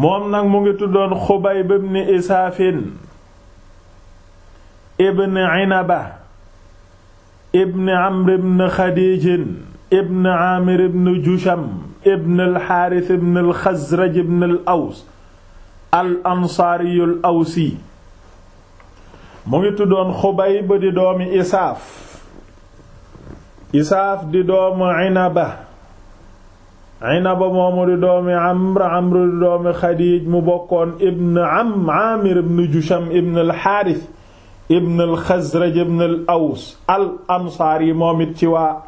moom nag mu ngi tuddoon Xubayb ibn Isaafin ibn Inaba ibn Amr ibn Xadiijin ibn Aamir ibn ibn al-Xaaris ibn al-Xazraj ibn al-Aws al-Ansaari al mu ngi tuddoon Xubayb di doomi Isaaf Isaaf di doomu Inaba Inaba moomu di doomi Amr Amr di doomi Xadiij mu bokkoon ibn am Aamir ibn Jusham ibn al-Haaris ibn al-Xasraj ibn al-Aws al-Ansaari moom it ci waa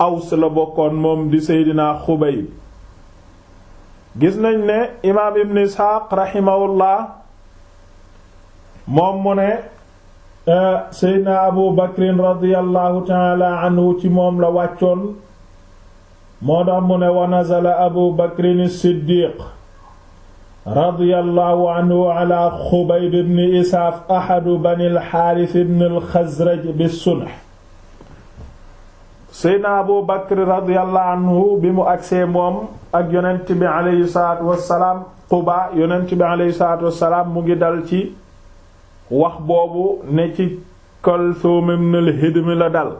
Aws la bokkoon moom di Seydina Xubayb gis nañ ne imaam Ibn Isxaaq rahimahullah moom mu ne eh, Seydina Abu Bakrin radiyallahu taala anhu ci moom la wàccoon moo tax mu ne wa nazala abu bakrin siddiq radiyallahu anhu ala xubayd ibn isaaf ahadu bani alxaaris ibn alxazraj bi sunh seydna abu bakr radiyallahu anhu bi mu agsee moom ak yonent bi aleyhi salaatu wassalaam xubaa yonent bi aleyhi salaatu wassalaam mu ngi dal ci wax boobu ne ci kalsuum ibn alhidmi la dal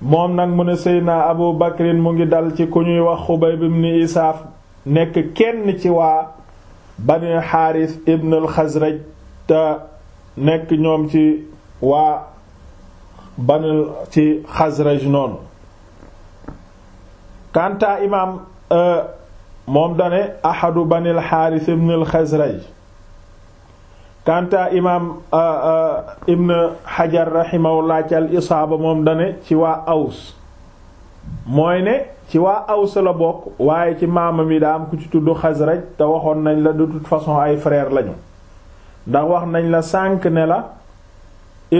moom nag mu ne seydna abu bakrin mu ngi dal ci ku ñuy wax xubayb ibn isaaf nekk kenn ci waa bani xaaris ibn al te nekk ñoom ci waa bani ci xasraj noonu kanta imaam euh, moom dane ahadu bani al xaaris ibn kanta imaam ibn hajar rahimahullah ci al isaaba moom dane ci waa aws mooy ne ci waa aws la bokk waaye ci maamam yi daa am ku ci tudd xasraj te waxoon nañ la de toute façon ay frère lañu ndax wax nañ la sànq ne la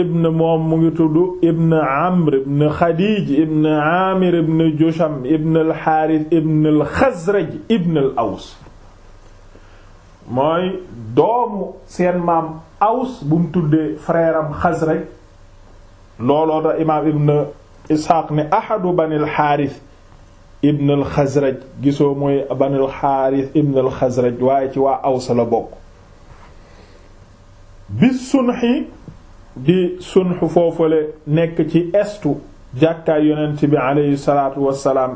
ibn moom mu ngi tudd ibn amr ibn xadiij ibn amir ibn jusham ibn al xaaris ibn al xasraj mooy doomu seen maam Aws bu mu tuddee frère am Xasraj imaam ibn Isxaaq ne ahadu banil Xaaris ibn al gisoo mooy banil Xaaris ibn al waaye ci waa Aws la bokk bis sunxi di sunxu foofale nekk ci estu jàkkaay yonent bi aleyhi salaatu wassalaam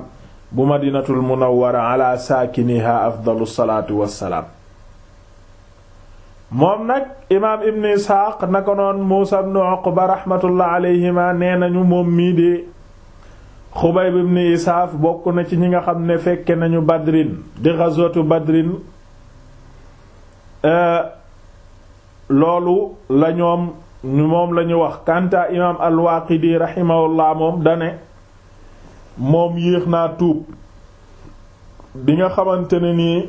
bu madinatul munawwara ala saakiniha afdalu salaatu wassalaam moom nag imaam ibn isxaaq naka noon muusa ibn uqba rahmatullah alayhima nee nañu moom mii di xubayb ibn isaaf bokk na ci ñi nga xam ne fekke nañu badrin di ghazwatu badrin euh, loolu la ñoom ñu moom lañu wax kanta imaam al-waaqidi moom dane moom yéex naa tuub bi nga xamante ne nii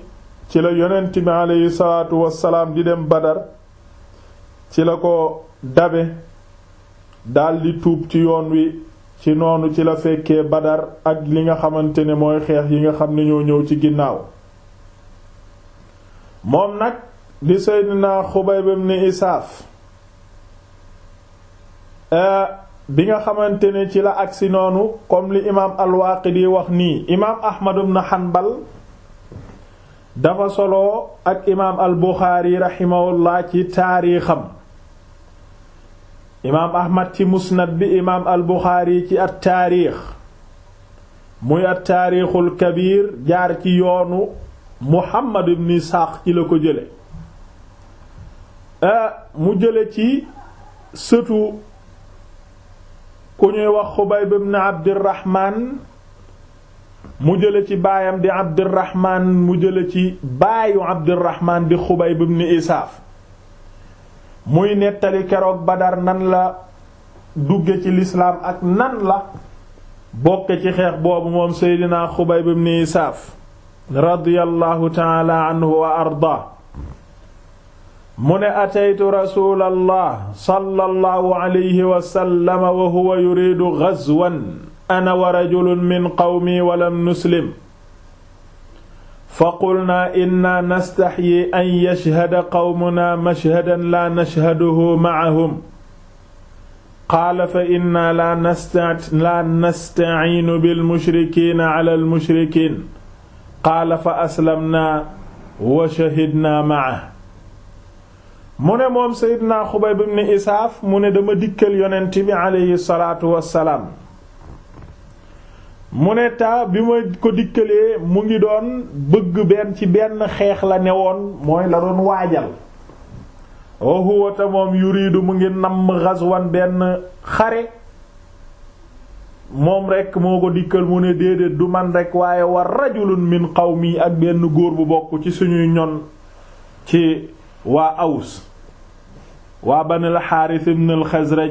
ci la yonent bi aleyhi salaatu wassalaam di dem badar ci la ko dabe daldi tuub ci yoon wi ci noonu ci la fekkee badar ak li nga xamante ne mooy xeex yi nga xam ne ñoo ñëw ci ginnaaw moom nag di seydinaa Xubayb ibn Isaaf eh, bi nga xamante ne ci la agsi noonu comme li imaam al-Waaqidi wax nii imaam Ahmad ibn Hanbal dafa solo ak imaam al buxaari raximahullah ci taariixam imaam ahmad ci musnad bi imaam al buxaari ci at taariix muy at taariixul kabiir jaar ci yoonu muhammad ibn isxaaq ci la ko jële eh, mu jële ci sëtu ku ñuy wax xubayb ibn abdirahmaan mu jële ci baayam di abdirahman mu jële ci baayu abdirahman di xubayb ibn isaaf muy nettali keroog badar nan la dugge ci lislaam ak nan la bokke ci xeex boobu moom seydinaa xubayb ibn isaaf radiyallahu taala anhu wa arda mu ne ateytu rasulallah sallallahu alayhi wa wa huwa yuridu ghazwan ana wa rajulun min qawmi walam nuslim fa qulnaa inna nastaxyi an yashhada qawmunaa mashhadan laa nashhaduhu macahum qaala fa inna laa nastaciinu bilmushrikiina cala almushrikiin qaala fa aslamnaa wa shahidnaa macahu mu ne moom seydinaa xubayb ibn isaaf mu ne dama dikkal yonent bi aleyhi salaatu wassalaam mu ne taa bi ma ko dikkalee mu ngi doon bëgg benn ci benn xeex la ne woon mooy la doon waajal wa huwa ta moom yuriidu mu ngi namm ghazwan benn xare moom rekk moo ko dikkal mu ne déedéet du man rekk waaye war rajulun min qawmi ak benn góor bu bokk ci suñuy ñoon ci waa aws waa banil xaaris ibn al xazraj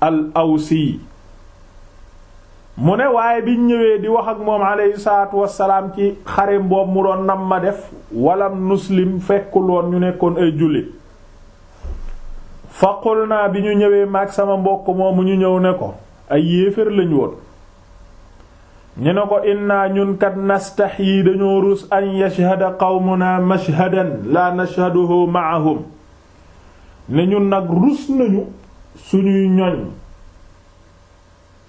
al awsi mu ne waaye biñ ñëwee di wax ak moom aleyhi salaatu ci xare boobu mu doon nam ma def walam muslim fekkul woon ñu nekkoon ay jullit faqul naa bi ñu ñëwee maag sama mbokk moomu ñu ñëw ne ko ay yéefér lañ woon ñu ne ko inna ñun kat nastaxyi dañoo rus an yashhada qawmuna mashhadan la nashhaduhu ma'ahum ne ñun nag rus nañu suñuy ñoñ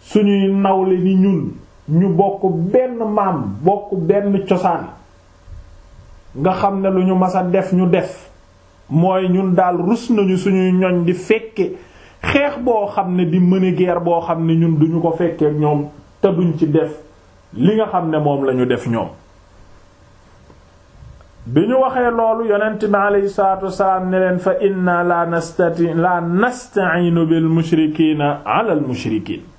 suñuy nawle ni ñun ñu bokk benn maam bokk benn cosaan nga xam ne lu ñu mas a def ñu def mooy ñun daal rus nañu suñuy ñoñ di fekke xeex boo xam ne di mëne guerre boo xam ne ñun duñu ko fekkee ñoom te duñ ci def li nga xam ne moom lañu def ñoom bi ñu waxee loolu yonent bi aleyhi salaatu wasalaam ne leen fa inna la nastati la nasta'inu bil mushrikiina ala al mushrikiin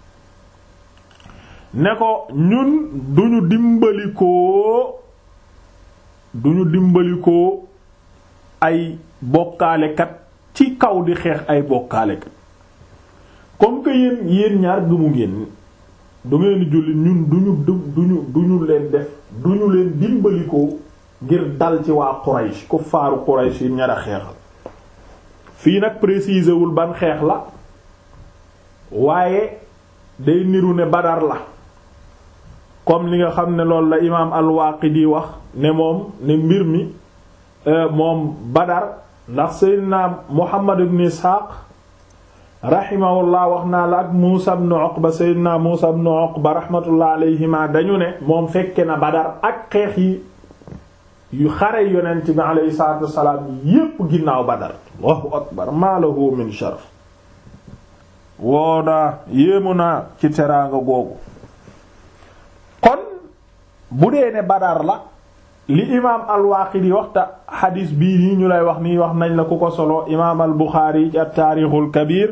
ne ko ñun duñu dimbalikoo duñu dimbalikoo ay bokkaalekat ci kaw di xeex ay bokkaalekat comme que yéen yéen ñaar gëmu ngeen du ngeen julli ñun duñu duñu duñu leen def duñu leen dimbalikoo ngir dal ci waa Quraysh ku faaru Quraysh yéen ñaar a xeexal fii nag préciser ban xeex la waaye day niru ne Badar la comme li nga xam ne loolu la imaam al-Waaqidi wax ne moom ne mbir mi euh, moom Badar ndax Seydina Muhammad ibn Isxaaq rahimahullah wax naa la ak Muusa ibn Uqba Seydina Muusa ibn Uqba rahmatullah dañu ne moom fekke na Badar ak xeex yi yu xare yonent bi alayhi salaatu wassalaam yépp ginnaaw Badar Allahu akbar maa lahu min sharaf woo naa yéemu naa ci teraanga googu bu dee ne badar la li imaam al waxta xadiis bii nii ñu lay wax nii wax nañ la ku ko solo imaam al-Buxaari ci at-Taarixul Kabiir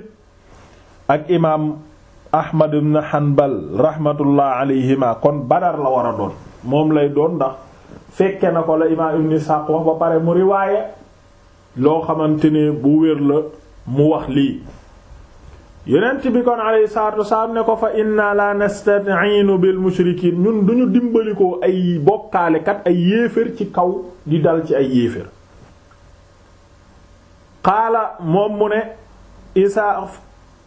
ak imaam Ahmad ibn Hanbal rahmatullah alayhima kon badar la war a doon moom lay doon ndax fekke na ko la imaam ibn Isxaaq wax ba pare mu riwaaye loo xamante ne bu wér la mu wax lii yonent bi kon alayhi salaatu ko fa inna la nasta'inu bil mushrikiin ñun duñu dimbali ko ay bokkaalekat ay yéefér ci kaw di dal ci ay yéefér qaala moom mu ne isaaf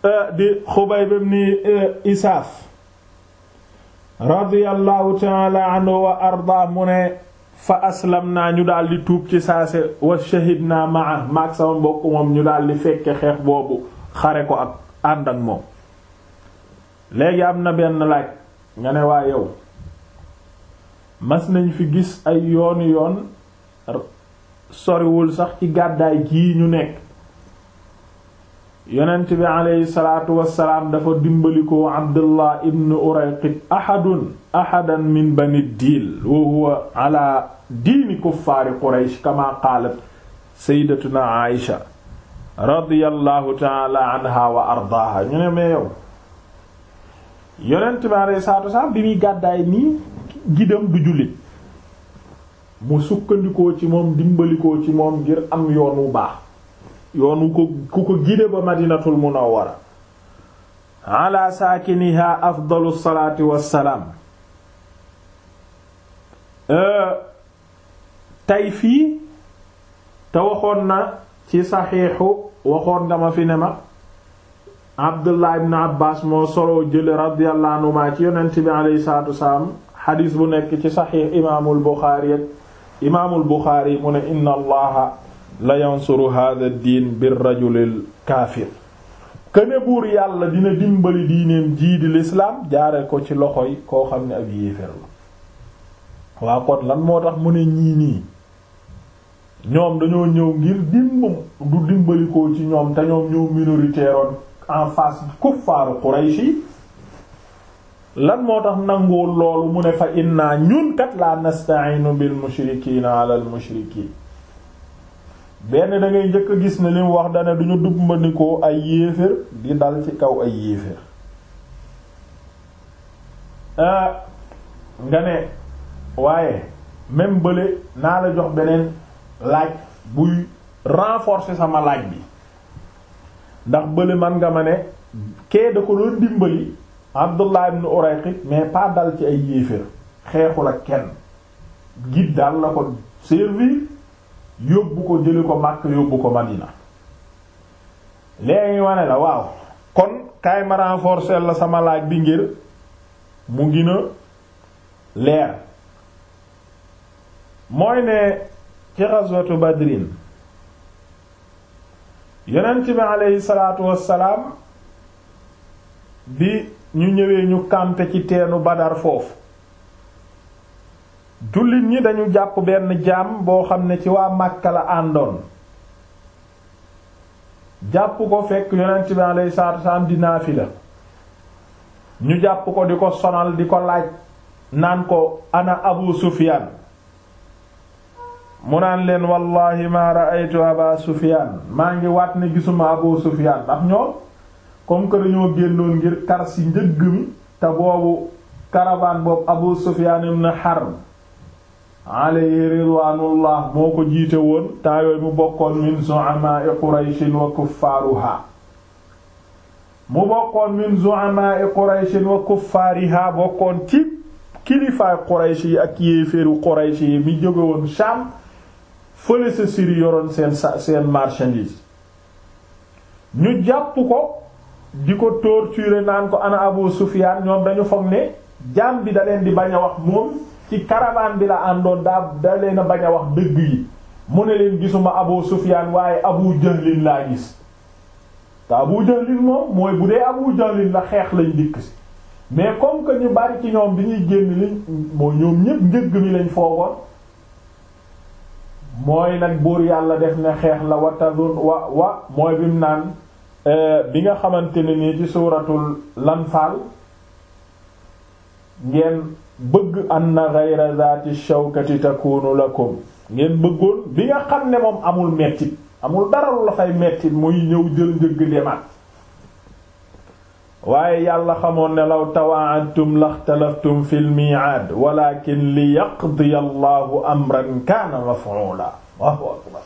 euh, di xubayb ibn euh, isaaf radiyallahu ta'ala anhu wa arda mu ne fa aslam ñu daldi tuub ci saase wa shahid naa maa sama mbokk moom ñu daldi fekke xeex boobu xare ko ak ànd moom léegi am na benn laaj nga ne waa yow mas nañu fi gis ay yoonu yoon soriwul sax ci gàddaay gi ñu nekk yonent bi aleyhi salaatu wassalaam dafa dimbalikoo abdullah ibn urayqit ahadun ahadan min bani diil wa huwa ala diini kuffaari quraysh kama qaalat sayyidatuna aisha radiyallahu taala wa ardaaha ñu ne mais yow yonent bi alayhi salaatu wasalaam bi muy gàddaay nii gidam du jullit mu sukkandikoo ci moom dimbalikoo ci moom ngir am yoon wu baax yoon wu ko ku ko gide ba madinatul munawwara ala saakiniha afdalu salaati wassalaam euh, tey fii te waxoon na ci saxiixu waxoon nga ma fi ne ma abdullah ibn abbas moo soloo jële radiyallahu anhu ci yonent bi alayhi salatu wasalaam xadis bu nekk ci saxiix imaamul buxaari ak imaamul buxaari mu ne inna allaha la yansuru hadha ad-din bir rajulil kaafir buur yàlla dina dimbali diineem jii di lislaam jaare ko ci loxo loxoy koo xam ne ab yéeféer la waa kon moo tax mu ne ñii nii ñoom dañoo ñëw ngir dimbam du dimbalikoo ci ñoom te ñoom ñoo minoritaire oon en face kuffaaru Quraysh yi lan moo tax nanguwul loolu mu ne fa inna ñun kat la nasta'inu bil mushrikina ala al mushrikin benn da ngay njëkk a gis ne lim wax dane duñu dub manikoo ay yéefér di dal ci kaw ay yéefér euh, nga ne waaye même bële naa la jox beneen laaj buy renforcer sama laaj bi ndax bële man nga ma ne kee da ko doon dimbali Abdullah ibn Urayqit mais pas dal ci ay yéeféer xeexul ak kenn gid daal la ko servir yóbbu ko jëli ko Makka yóbbu ko Madina léegi ma ne la waaw kon kaay ma renforcer la sama laaj bi ngir mu gën a leer mooy ne ci ghazwatu badrin yonent bi aleyhi salaatu wassalaam bi ñu ñëwee ñu campé ci teenu badar foofu jullit ñi dañu jàpp benn jaam boo xam ne ci waa Màkka la àndoon jàpp ko fekk yonent bi aleyhi salaatu wassalaam di naafila ñu jàpp ko di ko sonal di ko laaj naan ko ana Abu Sufyaan mu naan leen wallahi ma ra'aytu aba sufyan maa ngi waat ne gisuma abu sufyan ndax ñoom comme que dañoo génnoon ngir kar si njëgg mi te boobu caravane boobu abu sufyan ibn harb alayhi ridwanullah moo ko jiite woon taa mu bokkoon min zu'ama'i qurayshin wa kuffaruha mu bokkoon min zu'ama'i qurayshin wa kuffariha bokkoon ci kilifaay quraysh yi ak yéeféeru quraysh yi mi jóge woon sham fële sa Syrie yoroon seen sa seen marchandise ñu jàpp ko di ko torturer naan ko ana Abu Sufyan ñoom dañu foog ne jaam bi da leen di bañ a wax moom ci caravane bi la àndoon daa da leen bañ a wax dëgg yi mu ne leen gisuma Abu Sufyan waaye Abu Jahlin laa gis te Abu Jahlin moom mooy bu dee Abu Jahlin la xeex lañ dikk si mais comme que bari ci ñoom bi ñuy génn liñ moo ñoom ñépp njëgg mi lañ foogoon mooy nag buur yàlla def na xeex la wa wa wa mooy bim naan eh, bi nga xamante ne nii ci suuratul lanfaal ngeen bëgg anna ghayra zaati shawkati takunu lakum ngeen bëggoon bi nga xam ne moom amul mettit amul dara lu la fay mettit muy ñëw jël njëgg demaat waaye yàlla xamoon ne law tawaadtum laxtalaftum fil mi'aad walakin li yaqdiya allahu amran kaana maf'uula Allahu akbar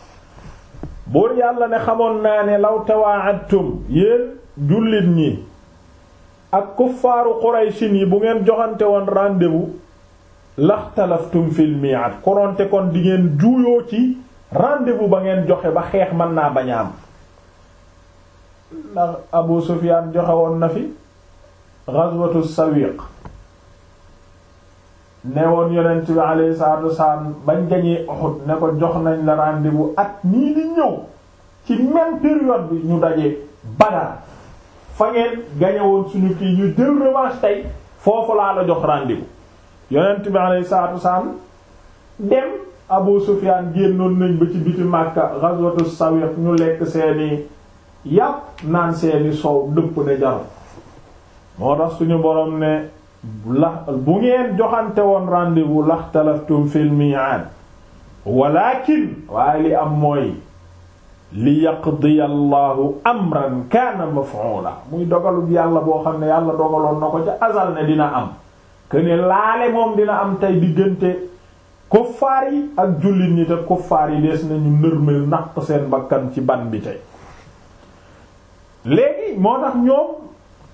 buur yàlla ne xamoon naa ne law tawaadtum yéen jullit ñi ak kuffaaru quraysin yi bu ngeen joxante woon rendez-vous laxtalaftum fil mi'aad koronte kon di ngeen juuyoo ci rendez-vous ba ngeen joxe ba xeex mën naa bañ am ndax Abu Sufyaan joxe woon na fi ghazwatu sawiq ne woon yonent bi alayhi salaatu wasalaam bañ gañee Uhud ne ko jox nañ la rendez-vous at nii di ñëw ci même période bi ñu dajee Badar fa ngeen gañe woon suñu kii ñu jël revanche tey foofu laa la jox rendez-vous yonent bi alayhi salaatu wasalaam dem Abu Sufyaan génnoon nañ ba ci biti Makka ghazwatu sawiq ñu lekk seeni yàpp naan seeni soow dëpp ne jaru moo tax suñu borom ne la bu ngeen joxante woon rendez-vous laxtalaftum fil mi'ad walakin waaye li am mooy li yaqdiya allahu amran kaana maf'ula muy dogalub yàlla boo xam ne yàlla dogaloon na ko ca azal ne dina am këne laale moom dina am tey diggante kuffaar yi ak jullit ñi te kuffaar yi des nañu nërmel naq seen bakkan ci ban bi tey léegi moo tax ñoom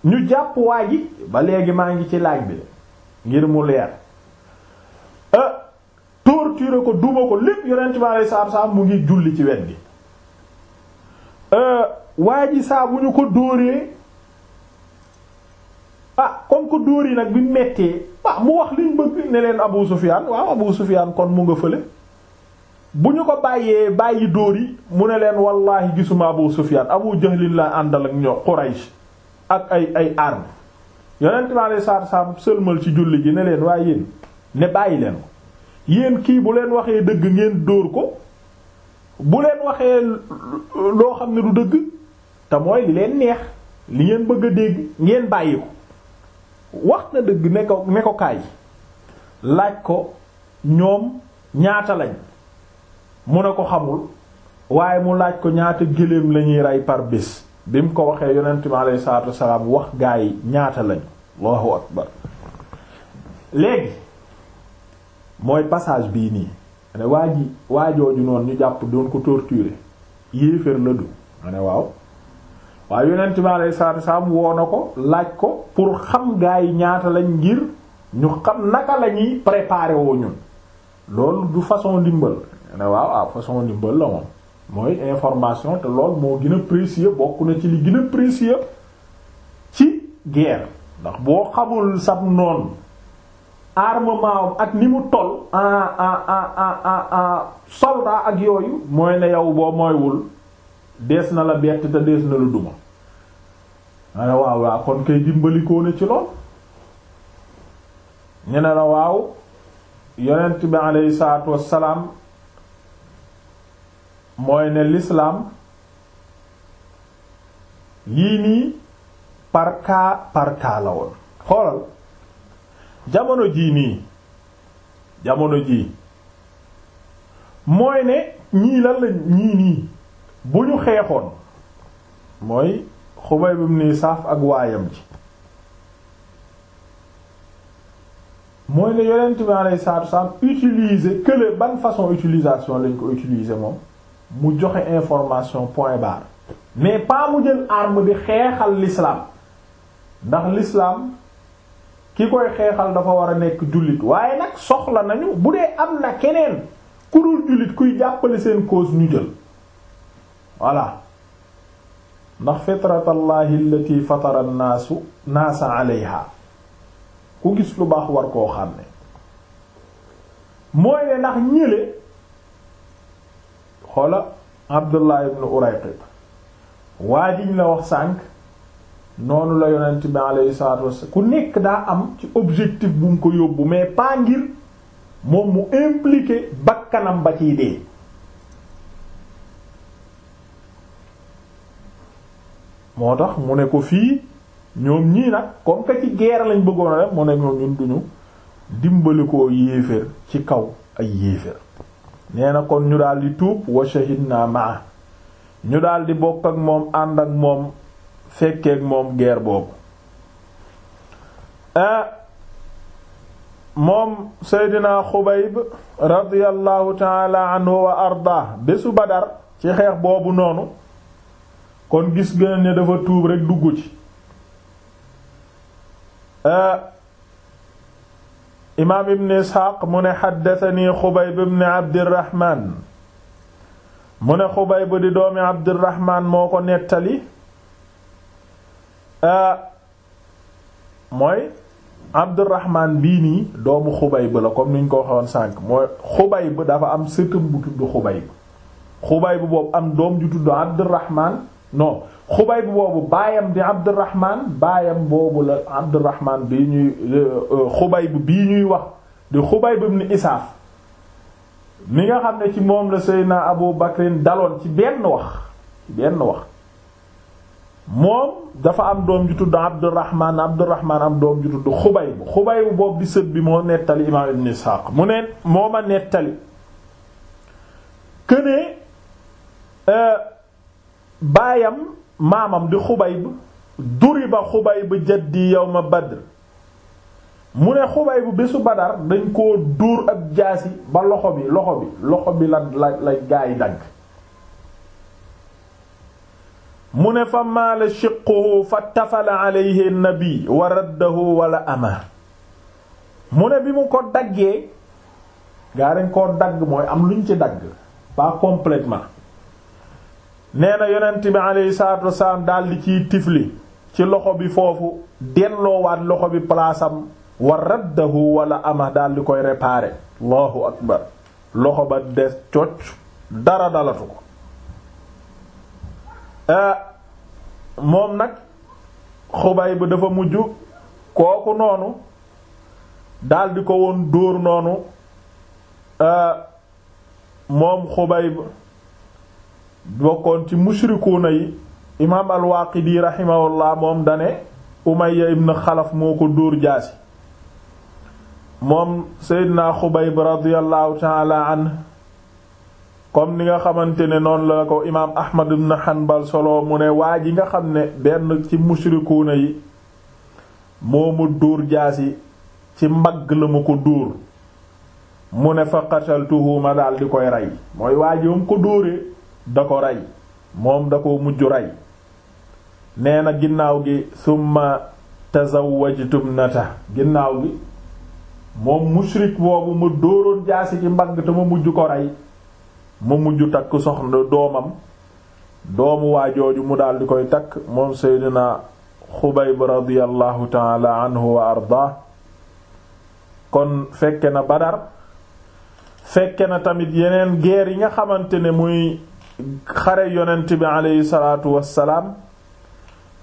ñu jàpp waa ji ba léegi maa ngi ci laaj bi ngir mu leer euh, torturer ko duma ko lépp yonent bi alei mu ngi julli ci wet gi euh, waa ji saa bu ñu ko dóoree ah comme que dóor yi nag bi mettee ah mu wax liñ bëgg ne leen Abu Sufyaan waaw Abu Sufyaan kon mu nga fële bu ñu ko bàyyee bàyyi dóor yi mu ne leen wallaahi gisuma Abu Sufyaan Abu Jahlin la àndal ak ñoo Quraysh ak ay ay armes yonent bi alayhi salaatu salaam sëlmal ci julli ji ne leen waaye yéen ne bàyyi leen ko yéen kii bu leen waxee dëgg ngeen dóor ko bu leen waxee loo xam ne du dëgg te mooy li leen neex li ngeen bëgg a dégg ngeen bàyyi ko wax na dëgg ne ko ne ko kaay laaj ko ñoom ñaata lañ. mu ne ko xamul waaye mu laaj ko ñaata gëléem la ñuy rey par bés bi mu ko waxee yonent mi alayhi salaatu wasalaam wax gaa yi ñaata lañu allahu akbar léegi mooy passage bii nii ma ne waa ji noonu ñu jàpp doon ko torturer yéeféer la du ma ne waaw waaye yonent mi salaatu wasalaam woo na ko laaj ko pour xam gaa yi ñaata lañ ngir ñu xam naka lañuy ñuy préparer woo ñun loolu du façon ndimbal ne waaw waaw façon ndimbal la moom mooy information te lool moo gën a précieux bokk na ci li gën a précieux ci guerre ndax boo xamul sab noonu armement ak ni mu toll en ak yooyu mooy ne yow boo mooywul dees na la bett te dees na la duma nga ne waaw waaw kon kay dimbalikoo ne ci lool ñu la waaw yonent bi aleyhi salaatu wassalaam mooy ne lislaam yii nii par cas la woon xoolal jamono jii nii jamono jii mooy ne ñii la ñii nii bu ñu xeexoon mooy Xubayb ibn Isaaf ak waayam ji mooy ne yonent bi alayhi salaatu wa salaam utiliser ban façon utilisation lañ ko utiliser moom mu joxe information point barre mais pas mu jël arme di xeexal lislaam ndax lislaam ki koy xeexal dafa war a nekk jullit waaye nag soxla nañu bu dee am na keneen ku dul jullit kuy jàppale seen cause ñu jël voilà ndax fitratallahi allati fatara naasu naasa ku gis lu baax war koo xam ne mooy ne ndax ñële xoola Abdullah ibn Urayqib waajiñ la wax sànq noonu la yonent bi alayhi salaatu wasallam ku nekk daa am ci objectif bu mu ko yóbbu mais pas ngir moom mu impliqué bakkanam ba ciy dee moo tax mu ne ko fii ñoom ñii nag comme ci guerre lañ bëggoon a def mu ne ñoom ñun duñu dimbali koo yéeféer ci kaw ay yéeféer nee na kon ñu daal di tuub wa shahidna maa ñu daldi di bokk ak moom ànd ak moom fekkeek moom guerre boobu eh, moom seydina xubayb radiallahu taala anhu wa arda bésu badar ci xeex boobu noonu kon gis gën ne dafa tuub rekk dugg ci eh, imaam ibn isxaaq mu ne xaddatani xubayb ibn abdirahman mu ne xubayb di doomi abdirahman moo ko nettali mooy abdirahman bii nii doomu xubayb la comme ni ñu ko waxoon sànk mooy xubayb dafa am sëtam bu tudd xubayb xubayb boobu am doom ju tudd abdirahman non xubayb boobu baayam di abdurrahman baayam boobu la abdurrahman bi ñuy euh, euh, xubayb bii ñuy wax di xubayb ibn isaaf mi nga xam ne ci moom la seydna abu bakrin daloon ci benn wax benn wax moom dafa am doom ju tudd abdurrahman abdurrahman am doom ju tudd xubayb xubayb boobu di sët bi moo nettali imaam ibn isaaq mu ne moo ma nettali kënee euh, baayam maamam di xubay xubayb duriba di yow ma badr mu ne xubayb bésu badar dañ koo duur ab jaasi ba loxo bi loxo bi loxo bi la la la gaay dagg mu ne fa maala shiquhu fa tafala alayhi nabi wa walla wala ama mu ne bi mu ko daggee gaa dañ koo dagg mooy am luñ ci dagg pas complètement nee na yonent bi aleyhi salaatu daldi ciy tifli ci loxo bi foofu delloowaat loxo bi palaasam wa raddahu wala ama daldi koy réparer allahu akbar loxo ba des cocc dara dalatu ko ah, moom nag xubay bu dafa mujj kooku noonu daldi ko woon dóor noonu ah, moom xubay bokkoon ci mushrikuuna yi imaam al-Waaqidi moom dane Umayya ibn Xalaf moo ko dóor jaasi moom Seydina Xubayb radiyallahu ta'ala anhu comme ni nga xamante ne noonu la ko imaam Ahmad ibn Hanbal solo mu ne waa ji nga xam ne benn ci mushrikuuna yi moo ma dóor jaasi ci mbagg la ma ko dóor mu ne fa qataltuhu ma di koy rey mooy waa ji mu ko dóoree da ko rey moom da ko mujj rey nee na ginnaaw gi summa tazawwajtum nata ginnaaw gi moom mushrik boobu ma dóoroon jaasi ci mbagg te ma mujj ko rey mu mujj takk soxna doomam doomu waa jooju mu daldi koy takk moom seydina xubayb radiyallahu taala anhu wa arda kon fekke na badar fekke na tamit yeneen guerre yi nga xamante ne muy xare yonent bi aleyhi salaatu wassalaam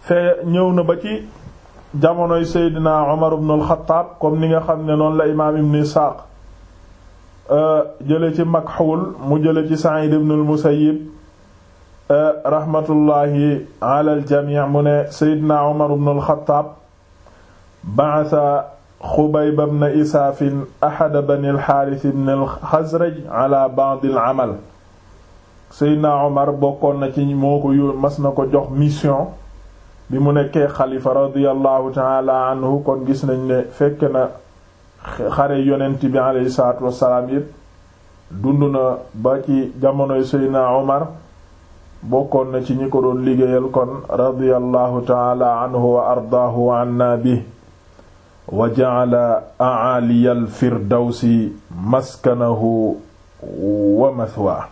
fee ñëw na ba ci jamonoy seydina Umar ibn al comme ni nga xam ne noonu la imaam ibn Isaaq euh, jële ci Makxuul mu jële ci Sa'id ibn al-Musayyib euh, rahmatullahi ala al mu ne seydina Umar ibn al-Khattab ba'atha Xubayb Isaafin ahada bani al-Haaris ibn al-Xazraj ala Seydina Omar bokkoon na ci moo ko mas na ko jox mission bi mu nekkee xalifa radiyallahu taala anhu kon gis nañ ne fekk na xare yonent bi alayhi salaatu wassalaam yépp dund na ba ci jamonoy Seydina Omar bokkoon na ci ñi ko doon liggéeyal kon radiyallahu taala anhu wa ardaahu wa anna bi wa ja'ala a'aliyal firdawsi maskanahu wa mathwaa